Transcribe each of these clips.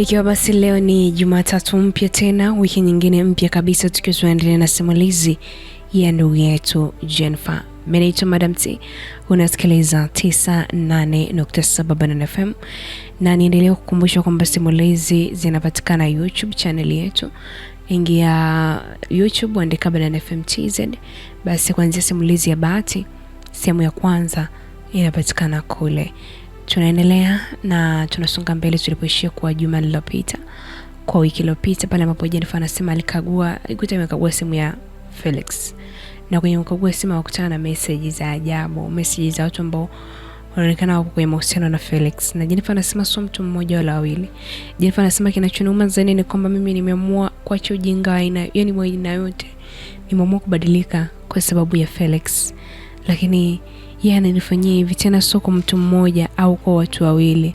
Ikiwa basi leo ni Jumatatu mpya tena, wiki nyingine mpya kabisa, tukiwa tunaendelea na simulizi ya ndugu yetu Jennifer. Menaitwa Madam T, unasikiliza 98.7 Banana FM, na niendelea kukumbusha kwamba simulizi zinapatikana YouTube channel yetu. Ingia YouTube, andika Banana FM TZ, basi kuanzia simulizi ya bahati sehemu ya kwanza inapatikana kule. Tunaendelea na tunasonga mbele tulipoishia kwa juma lililopita, kwa wiki iliyopita pale ambapo Jenifer anasema alikagua ikuta imekagua simu ya Felix, na kwenye kukagua simu wakutana na message za ajabu, message za watu ambao wanaonekana wako kwenye mahusiano na Felix, na Jenifer anasema sio mtu mmoja wala wawili. Jenifer anasema kinachonuma zaidi ni kwamba mimi nimeamua kuacha ujinga aina hiyo, ni mwa aina yote, nimeamua kubadilika kwa sababu ya Felix, lakini yeye ananifanyia hivi, tena sio kwa mtu mmoja au kwa watu wawili,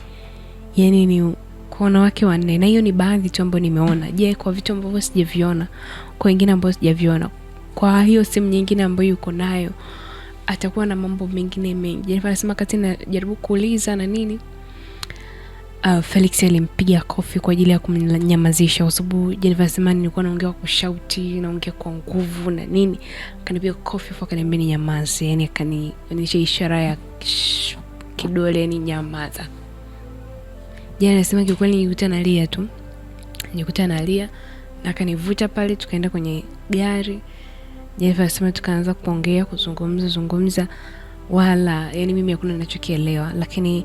yaani ni kwa wanawake wanne, na hiyo ni baadhi tu ambayo nimeona. Je, kwa vitu ambavyo sijaviona kwa wengine ambao sijaviona, kwa hiyo simu nyingine ambayo yuko nayo atakuwa na mambo mengine mengi. Jennifer anasema kati najaribu kuuliza na nini uh, Felix alimpiga kofi kwa ajili ya kumnyamazisha, kwa sababu Jennifer Simani nilikuwa naongea kwa shauti, naongea kwa nguvu na nini, akanipiga kofi afu akaniambia ni yani akanionyesha ishara ya kidole ni nyamaza. Jana anasema kiukweli, nilikuta nalia tu, nilikuta nalia na akanivuta pale, tukaenda kwenye gari. Jennifer anasema tukaanza kuongea, kuzungumza zungumza, wala yani mimi hakuna ninachokielewa, lakini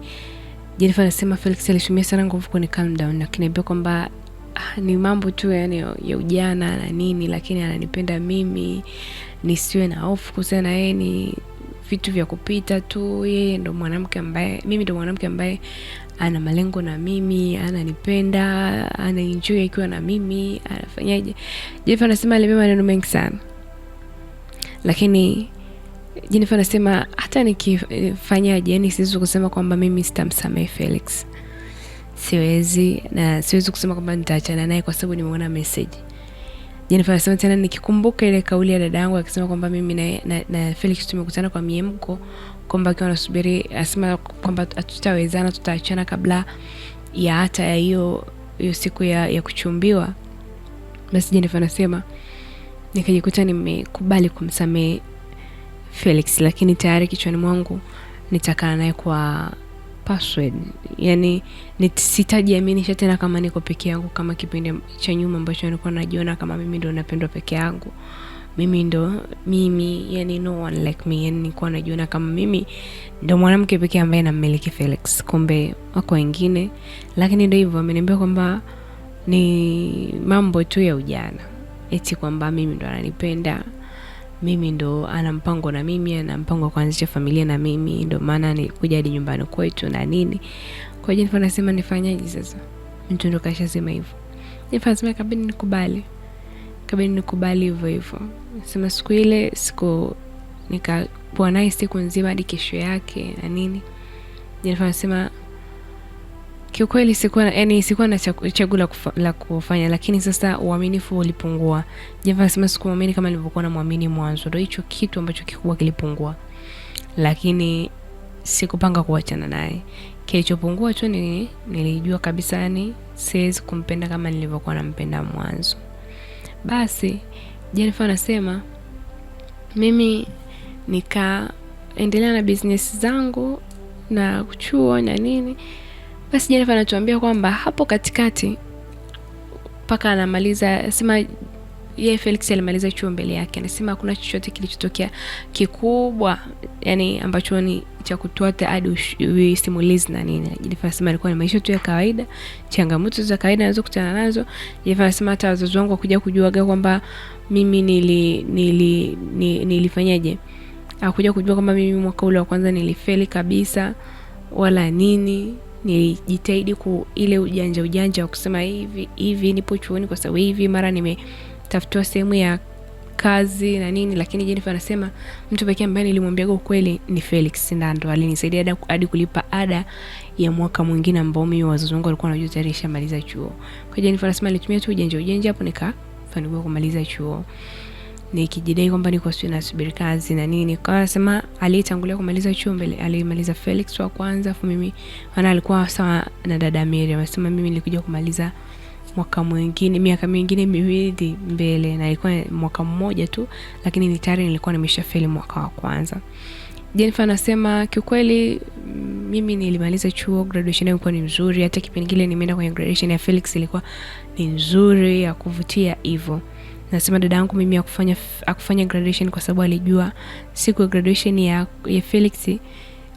Jennifer anasema Felix alitumia sana nguvu kwenye calm down, akiniambia kwamba ah, ni mambo tu yani ya ujana na nini, lakini ananipenda mimi, nisiwe na hofu kuhusiana na yeye, ni vitu vya kupita tu. Yeye ndo mwanamke ambaye mimi ndo mwanamke ambaye ana malengo na mimi, ananipenda, ana enjoy akiwa na mimi, anafanyaje. Jennifer anasema alibeba maneno mengi sana lakini Jennifer anasema hata nikifanyaje, yani siwezi kusema kwamba mimi sitamsamehe Felix, siwezi na siwezi kusema kwamba nitaachana naye kwa sababu nimeona message. Jennifer anasema tena, nikikumbuka ile kauli ya dada yangu akisema kwamba mimi na, na, na Felix tumekutana kwa miemko kwamba akiwa anasubiri asema kwamba hatutawezana, tutaachana kabla ya hata ya hiyo hiyo siku ya, ya kuchumbiwa. Basi Jennifer anasema nikajikuta nimekubali kumsamehe Felix, lakini tayari kichwani mwangu nitakaa naye kwa password. Yani sitajiaminisha tena kama niko peke yangu, kama kipindi cha nyuma ambacho nilikuwa najiona kama mimi ndo napendwa peke yangu, mimi ndo mimi, yani no one like me. Yani nilikuwa najiona kama mimi ndo mwanamke pekee ambaye nammiliki Felix, kumbe wako wengine. Lakini ndo hivyo, ameniambia kwamba ni mambo tu ya ujana, eti kwamba mimi ndo ananipenda mimi ndo ana mpango na mimi, ana mpango wa kuanzisha familia na mimi, ndo maana nilikuja hadi nyumbani kwetu na nini. Kwa hiyo Jenifa nasema nifanyaje sasa, mtu ndo kashasema hivyo. Jenifa nasema kabidi nikubali, kabidi nikubali hivyo hivyo. Sema siku ile siku nikapoa naye siku nzima hadi kesho yake na nini. Jenifa nasema Kiukweli sikuwa yani, sikuwa na chaguo la, la kufanya, lakini sasa uaminifu ulipungua. Java sikumwamini kama nilivyokuwa namwamini mwanzo, ndio hicho kitu ambacho kikubwa kilipungua, lakini sikupanga kuachana naye. Kilichopungua tu ni nilijua kabisa, ni siwezi kumpenda kama nilivyokuwa nampenda mwanzo. Basi Jennifer anasema mimi nikaendelea na business zangu na chuo na nini basi Jenifer anatuambia kwamba hapo katikati mpaka anamaliza sema yeye Felix alimaliza chuo mbele yake, anasema hakuna chochote kilichotokea kikubwa, yani ambacho ni cha kutoa hadi usimulizi na nini. Jenifer anasema alikuwa ni maisha tu ya kawaida, changamoto za kawaida kutana nazo. Jenifer anasema hata wazazi wangu wakuja kujuaga kwamba mimi nili, nili, nili, nilifanyaje, akuja kujua kwamba mimi mwaka ule wa kwanza nilifeli kabisa wala nini nilijitahidi ku ile ujanja ujanja wa kusema hivi hivi, nipo chuoni kwa sababu hivi, mara nimetafutiwa sehemu ya kazi na nini. Lakini Jenifer anasema mtu pekee ambaye nilimwambiaga ukweli ni Felix Ndando, alinisaidia hadi kulipa ada ya mwaka mwingine ambao mimi wazazi wangu walikuwa wanajua tayari shamaliza chuo. Kwa Jenifer anasema nilitumia tu ujanja ujanja hapo nikafanikiwa kumaliza chuo nikijidai kwamba niko sijui nasubiri kazi na nini. Kwa Anasema nasema aliyetangulia kumaliza chuo mbele alimaliza Felix wa kwanza, afu mimi maana alikuwa sawa na dada Miriam, anasema mimi nilikuja kumaliza mwaka mwingine miaka mingine miwili mbele, na ilikuwa mwaka mmoja tu, lakini ni tayari nilikuwa nimesha nimeshafeli mwaka wa kwanza. Jennifer anasema kiukweli, mimi nilimaliza chuo, graduation yangu ilikuwa ni nzuri, hata kipindi kile nimeenda kwenye graduation ya Felix ilikuwa ni nzuri ya kuvutia hivyo nasema dada yangu mimi akufanya akufanya graduation kwa sababu alijua siku ya graduation ya, ya Felix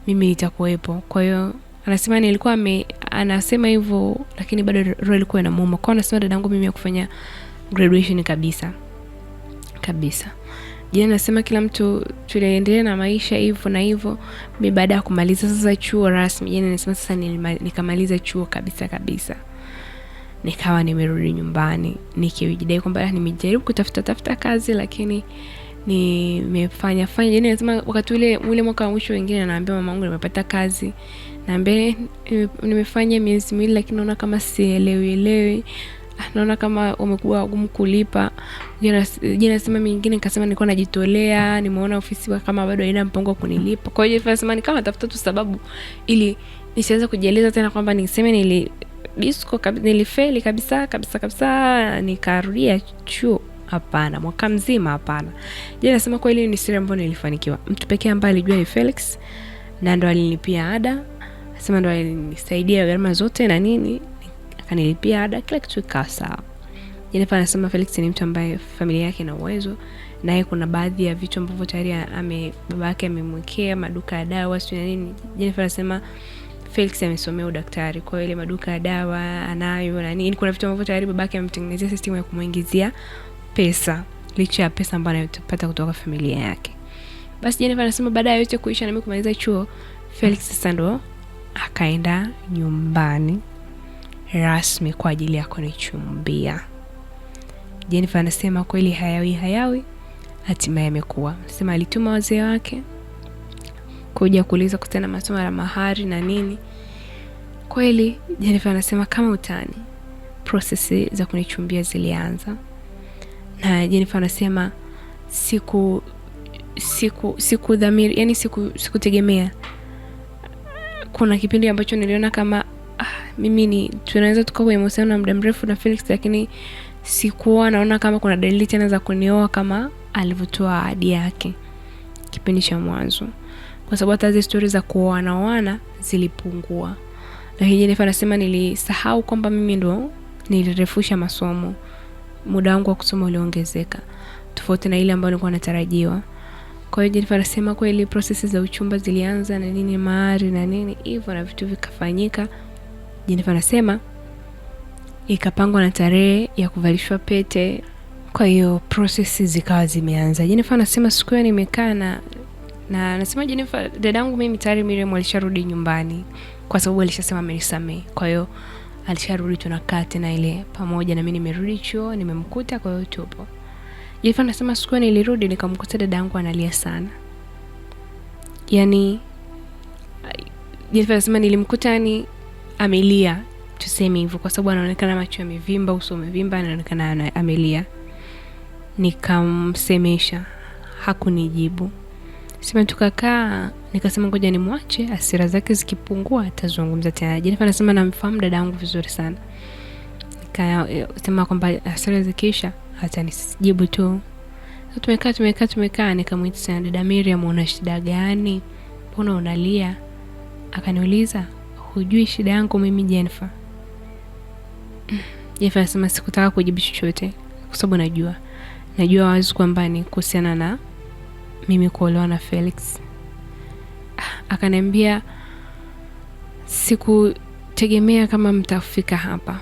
mimi nitakuwepo. Kwa hiyo anasema nilikuwa ame, anasema hivyo lakini bado roho ilikuwa inamuuma. Kwa hiyo anasema dada yangu mimi akufanya graduation kabisa kabisa. Je, nasema kila mtu tuliendelea na maisha hivyo na hivyo. Mimi baada ya kumaliza sasa chuo rasmi, je, nasema sasa nikamaliza chuo kabisa kabisa nikawa nimerudi nyumbani nikijidai kwamba ah, nimejaribu kutafuta tafuta kazi lakini nimefanya fanya jeni, yaani nasema wakati ule ule mwaka wa mwisho, wengine anaambia mama wangu nimepata kazi, naambia nimefanya miezi miwili, lakini naona kama sielewi elewi ah, naona kama umekuwa gumu kulipa. Je, nasema mingine nikasema nilikuwa najitolea, nimeona ofisi kama bado haina mpango wa kunilipa. Kwa hiyo nasema nikawa natafuta tu sababu ili nisiweze kujieleza tena kwamba niseme nili disco kab, nilifeli kabisa kabisa kabisa, nikarudia chuo hapana, mwaka mzima hapana. Je, nasema kweli, ni siri ambayo nilifanikiwa. Mtu pekee ambaye alijua ni Felix, na ndo alinipia ada, sema ndo alinisaidia gharama zote na nini, akanilipia ada, kila kitu ikawa sawa. Jennifer anasema Felix ni mtu ambaye familia yake ina uwezo naye, kuna baadhi ya vitu ambavyo tayari ame baba yake amemwekea maduka ya dawa sio nini. Jennifer anasema Felix amesomea udaktari, kwa hiyo ile maduka ya dawa anayo na nini. Kuna vitu ambavyo tayari babake amemtengenezea system ya kumuingizia pesa licha ya pesa ambayo anayopata kutoka familia yake. Basi Jennifer anasema baada ya yote kuisha na mimi kumaliza chuo, Felix sasa ndo akaenda nyumbani rasmi kwa ajili ya kunichumbia. Jennifer anasema kweli hayawi hayawi hatimaye amekuwa. Anasema alituma wazee wake kuja kuuliza kutana masomo ya mahari na nini. Kweli Jenifer anasema kama utani, prosesi za kunichumbia zilianza, na Jenifer anasema siku siku siku dhamiri, yani siku sikutegemea. Kuna kipindi ambacho niliona kama ah, mimi ni tunaweza tuka kwenye mahusiano na muda mrefu na Felix, lakini sikuoa, naona kama kuna dalili tena za kunioa kama alivyotoa ahadi yake kipindi cha mwanzo kwa sababu hata zile stori za kuoana oana zilipungua. Lakini Jenifer anasema nilisahau kwamba mimi ndo nilirefusha masomo, muda wangu wa kusoma uliongezeka tofauti na ile ambayo nilikuwa natarajiwa. Kwa hiyo Jenifer anasema kweli prosesi za uchumba zilianza na nini mahari na nini hivyo na vitu vikafanyika. Jenifer anasema ikapangwa na tarehe ya kuvalishwa pete, kwa hiyo prosesi zikawa zimeanza. Jenifer anasema siku hiyo nimekaa na na nasema Jennifer, dadangu mimi tayari Miriam alisharudi nyumbani kwa sababu alishasema amenisamehe. Kwa hiyo alisharudi, tunakaa tena ile pamoja, na mimi nimerudi chuo, nimemkuta, kwa hiyo tupo. Jennifer anasema siku nilirudi nikamkuta dadangu analia sana. Yani Jennifer anasema nilimkuta, ni yaani amelia, tuseme hivyo, kwa sababu anaonekana macho yamevimba, uso umevimba, anaonekana amelia. Nikamsemesha, hakunijibu sema tukakaa, nikasema ngoja nimwache, asira zake zikipungua atazungumza tena. Jenifa anasema namfahamu dada yangu vizuri sana, nikasema eh, kwamba hasira zikiisha atanijibu tu. Tumekaa tumekaa tumekaa, nikamwita sana, dada Miriam, una shida gani? Mbona unalia? Akaniuliza, hujui shida yangu mimi Jenifa. Jenifa anasema sikutaka kujibu chochote kwa sababu najua najua wazi kwamba ni kuhusiana na mimi kuolewa na Felix. Akaniambia sikutegemea kama mtafika hapa.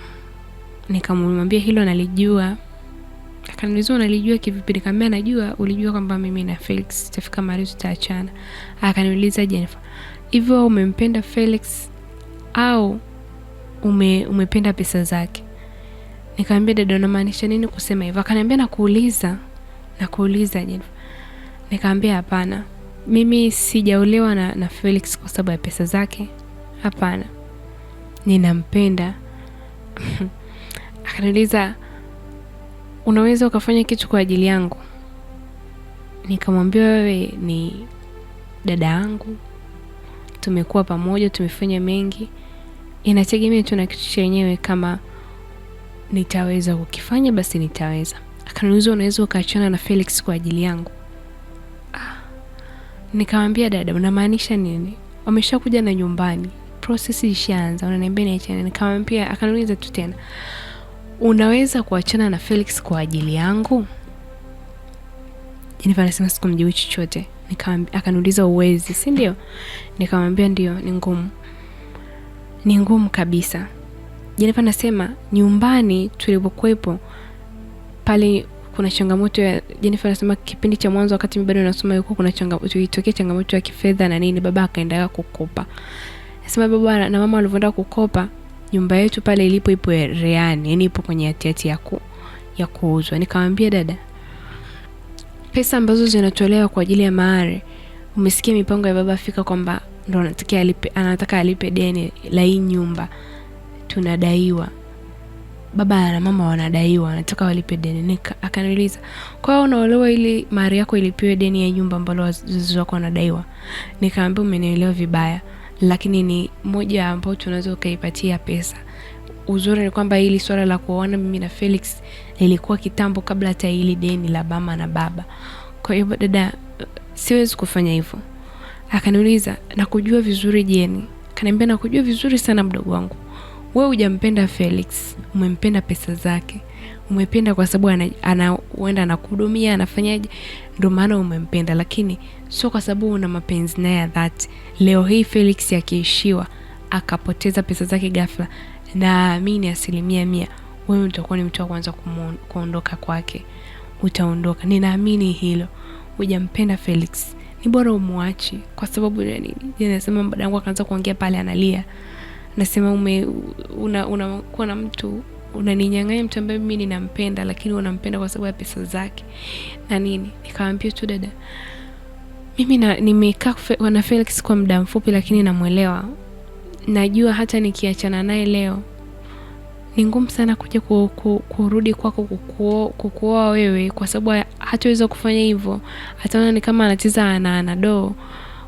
Nikamwambia hilo nalijua. Akaniuliza unalijua kivipi? Nikamwambia najua, ulijua kwamba mimi na Felix tutafika mahali tutaachana. Akaniuliza Jennifer, hivyo umempenda Felix au ume, umependa pesa zake? Nikamwambia dada, unamaanisha nini kusema hivyo? Akaniambia nakuuliza, nakuuliza Jennifer. Nikaambia hapana, mimi sijaolewa na, na Felix kwa sababu ya pesa zake, hapana, ninampenda. Akaniuliza, unaweza ukafanya kitu kwa ajili yangu? Nikamwambia, wewe ni dada yangu, tumekuwa pamoja, tumefanya mengi, inategemea tu na kitu chenyewe. Kama nitaweza kukifanya basi nitaweza. Akaniuliza, unaweza ukaachana na Felix kwa ajili yangu? Nikamwambia dada, unamaanisha nini? Wameshakuja na nyumbani, prosesi ishaanza, unaniambia niachane? Nikamwambia, akaniuliza tu tena, unaweza kuachana na Felix kwa ajili yangu? Jenifa anasema sikumjui chochote. Akaniuliza uwezi, si ndio? Nikamwambia ndio, ni ngumu, ni ngumu kabisa. Jenifa anasema nyumbani tulipokuwepo pale kuna changamoto ya Jennifer anasema kipindi cha mwanzo wakati mimi bado nasoma yuko kuna changamoto ilitokea changamoto ya kifedha na nini, baba akaendelea kukopa. Nasema baba na mama walivyoenda kukopa, nyumba yetu pale ilipo ipo reani, yani ipo kwenye hatihati ya ku ya kuuzwa. Nikamwambia dada, pesa ambazo zinatolewa kwa ajili ya mahari, umesikia mipango ya baba fika kwamba ndo anataka alipe, anataka alipe deni la hii nyumba tunadaiwa baba na mama wanadaiwa, wanataka walipe deni. Nika akaniuliza kwa hiyo unaolewa ili mahari yako ilipiwe deni ya nyumba ambalo wazazi wako wanadaiwa? Nikaambia umenielewa vibaya, lakini ni moja ambao tunaweza ukaipatia pesa. Uzuri ni kwamba hili swala la kuona mimi na Felix lilikuwa kitambo, kabla hata hili deni la mama na baba. Kwa hiyo dada, siwezi kufanya hivyo. Akaniuliza nakujua vizuri Jeni, kaniambia nakujua vizuri sana mdogo wangu wewe hujampenda Felix, umempenda pesa zake, umependa kwa sababu anaenda anakuhudumia, anafanyaje, ndio maana umempenda, lakini sio kwa sababu una mapenzi naye ya dhati. Leo hii Felix akiishiwa akapoteza pesa zake ghafla, naamini asilimia mia wewe utakuwa ni mtu wa kwanza kuondoka kwake, utaondoka. Ninaamini hilo. Hujampenda Felix, ni bora umwachi Kwa sababu ya nini? Nasema badangu akaanza kuongea pale, analia nasema unakuwa una, na mtu unaninyang'anya mtu ambaye mimi ninampenda, lakini unampenda kwa sababu ya pesa zake na nini. Nikamwambia tu dada, mimi nimekaa na Felix kwa muda mfupi, lakini namwelewa, najua hata nikiachana naye leo ni ngumu sana kuja ku, ku, kurudi kwako kukuoa wewe, kwa sababu hataweza kufanya hivyo, ataona ni kama anacheza ana anadoo.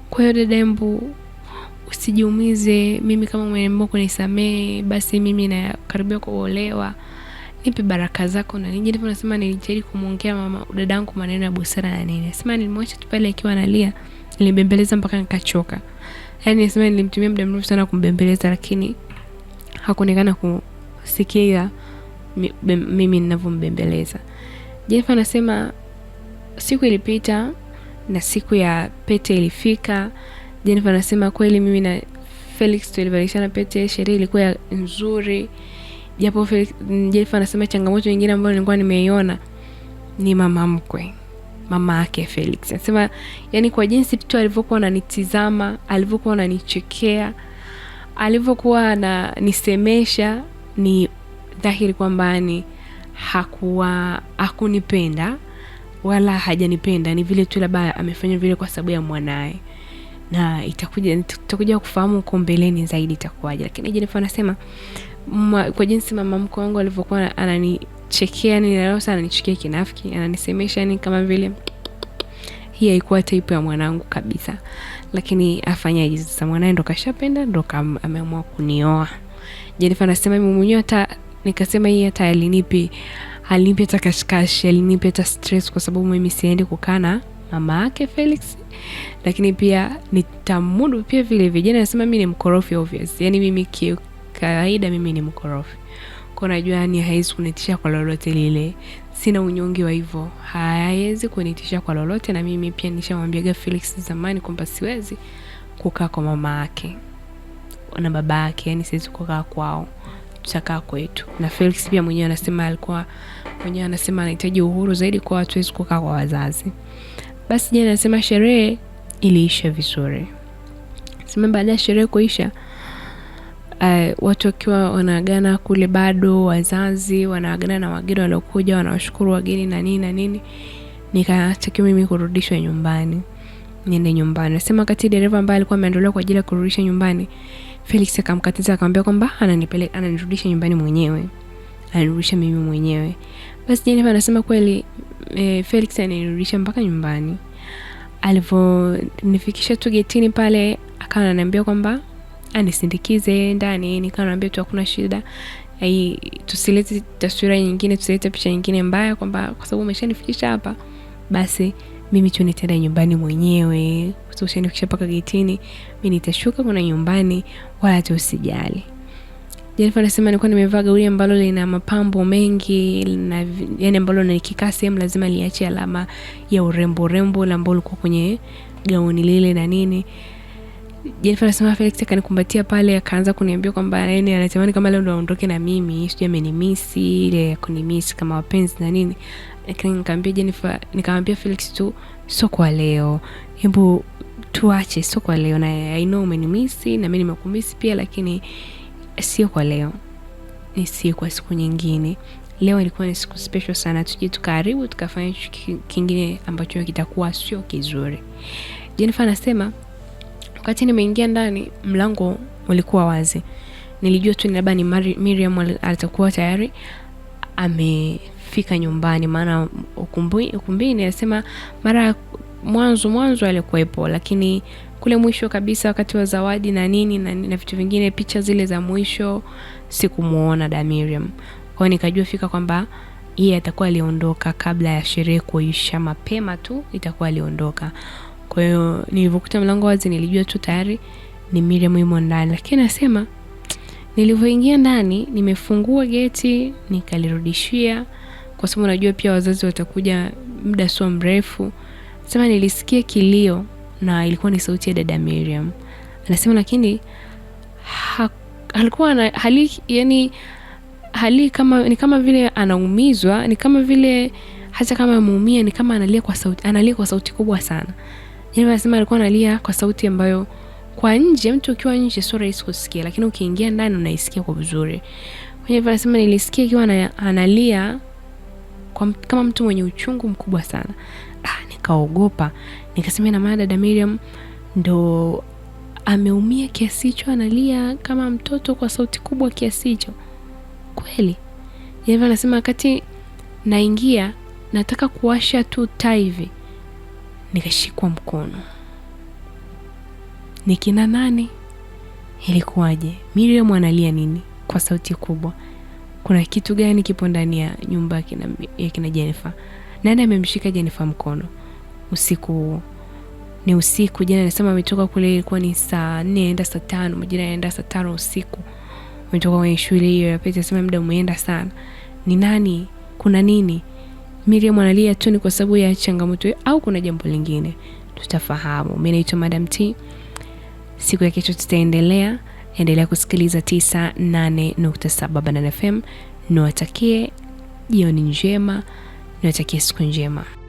Kwa hiyo dada, mbu usijiumize, mimi kama Mwenyezi Mungu basi mimi nakaribia kuolewa, nipe baraka zako na nini. Ndipo nasema nilijaribu kumwongea mama dadangu maneno ya busara na nini, nasema nilimwacha tu pale akiwa analia, nilibembeleza mpaka nikachoka. Yani nasema nilimtumia muda mrefu sana kumbembeleza, lakini hakuonekana kusikia mimi ninavyombembeleza. Jenifa anasema siku ilipita na siku ya pete ilifika. Jennifer anasema kweli mimi na Felix tulibadilishana pete, sherehe ilikuwa nzuri, japo Felix, Jennifer anasema changamoto nyingine ambayo nilikuwa nimeiona ni mama mkwe, mama yake Felix. Anasema yani kwa jinsi tu alivyokuwa ananitizama, alivyokuwa ananichekea, alivyokuwa ananisemesha ni dhahiri kwamba ni hakuwa hakunipenda wala hajanipenda, ni vile tu labda amefanya vile kwa sababu ya mwanaye na itakuja tutakuja kufahamu huko mbeleni zaidi itakuwaje. Lakini Jenifer anasema kwa jinsi mama mko wangu alivyokuwa ananichekea, yani Rosa ananichukia kinafiki, ananisemesha, yani kama vile hii haikuwa type ya mwanangu kabisa, lakini afanyaje sasa? Mwanae ndo kashapenda, ndo ameamua kunioa. Jenifer anasema mimi mwenyewe hata nikasema hii hata alinipi alinipi hata kashikashi, alinipi hata stress, kwa sababu mimi siendi kukaa na mama yake Felix, lakini pia nitamudu pia vile vijana. Nasema mimi ni mkorofi obvious, yani mimi kawaida mimi ni mkorofi kwa najua, ni haiwezi kunitisha kwa lolote lile, sina unyonge wa hivyo, haiwezi kunitisha kwa lolote. Na mimi pia nishamwambiaga Felix zamani kwamba siwezi kukaa kwa mama yake na baba yake, yani siwezi kukaa kwao tutakaa kwetu. Na Felix pia mwenyewe anasema alikuwa mwenyewe anasema anahitaji uhuru zaidi, kwa hatuwezi kukaa kwa wazazi. Basi Jane anasema sherehe iliisha vizuri. Sema baada ya sherehe kuisha, uh, watu wakiwa wanaagana kule, bado wazazi wanaagana na wageni waliokuja, wanawashukuru wageni na nini na nini, nikatakiwa mimi kurudishwa nyumbani, niende nyumbani. Nasema wakati dereva ambaye alikuwa ameondolewa kwa ajili ya kurudisha nyumbani, Felix akamkatiza akamwambia kwamba ananipeleka, ananirudisha nyumbani mwenyewe, ananirudisha mimi mwenyewe. Basi Jane anasema kweli e, Felix anirudisha mpaka nyumbani. Alivyonifikisha tu getini pale, akawa ananiambia kwamba anisindikize ndani, nikawa naambia tu hakuna shida Hai, tusilete taswira nyingine, tusilete picha nyingine mbaya, kwamba kwa sababu umeshanifikisha hapa, basi mimi tu nitaenda nyumbani mwenyewe, kwa ushanifikisha mpaka getini, mimi nitashuka kuna nyumbani, wala tu usijali. Jennifer anasema nilikuwa nimevaa gauni ambalo lina mapambo mengi na yani, ambalo nikikaa sehemu lazima liache alama ya urembo urembo ambao ulikuwa kwenye gauni lile na nini. Jennifer anasema Felix akanikumbatia pale, akaanza kuniambia kwamba yani anatamani kama leo ndo aondoke na mimi, sijui amenimisi ile kunimisi kama wapenzi na nini, lakini nikamwambia Jennifer, nikamwambia Felix tu, sio kwa leo, hebu tuache, sio kwa leo, na I know umenimisi na mimi nimekumisi pia, lakini sio kwa leo, ni sio kwa siku nyingine. Leo ilikuwa ni siku special sana, tuje tukaribu tukafanya kingine ambacho kitakuwa sio kizuri. Jennifer anasema wakati nimeingia ndani mlango ulikuwa wazi, nilijua tu labda ni Miriam alitakuwa tayari amefika nyumbani, maana ukumbini, anasema mara mwanzo mwanzo alikuwepo, lakini kule mwisho kabisa wakati wa zawadi na nini na, na vitu vingine, picha zile za mwisho sikumuona damiriam Miriam. Kwa hiyo nikajua fika kwamba yeye atakuwa aliondoka kabla ya sherehe kuisha, mapema tu itakuwa aliondoka. Kwa hiyo nilivyokuta mlango wazi nilijua tu tayari ni Miriam yumo ndani, lakini nasema nilivyoingia ndani nimefungua geti nikalirudishia, kwa sababu najua pia wazazi watakuja muda sio mrefu. Sema nilisikia kilio na ilikuwa ni sauti ya dada Miriam. Anasema lakini ha, alikuwa na hali yani hali kama ni kama vile anaumizwa, ni kama vile hata kama ameumia ni kama analia kwa sauti, analia kwa sauti kubwa sana. Yaani anasema alikuwa analia kwa sauti ambayo kwa nje mtu ukiwa nje sio rahisi kusikia, lakini ukiingia ndani unaisikia kwa vizuri. Kwenye hivyo anasema nilisikia ikiwa analia kwa, kama mtu mwenye uchungu mkubwa sana nikaogopa, nikasema ina maana dada Miriam ndo ameumia kiasi hicho, analia kama mtoto kwa sauti kubwa kiasi hicho kweli? Jenifer anasema wakati naingia nataka kuwasha tu taa hivi, nikashikwa mkono. Nikina nani? Ilikuwaje? Miriam analia nini kwa sauti kubwa? Kuna kitu gani kipo ndani ya nyumba ya kina Jenifer? Nani amemshika Jenifer mkono? usiku huo. Ni usiku, jana nasema ametoka kule, ilikuwa ni saa nne aenda saa tano, mwingine anaenda saa tano usiku, ametoka kwenye shule hiyo ya Pete. Anasema muda umeenda sana. Ni nani? Kuna nini? Miriam analia tu, ni kwa sababu ya changamoto au kuna jambo lingine? Tutafahamu. Mimi naitwa Madam T. Siku ya kesho tutaendelea. Endelea kusikiliza 98.7 Banana FM. Niwatakie jioni njema, niwatakie siku njema.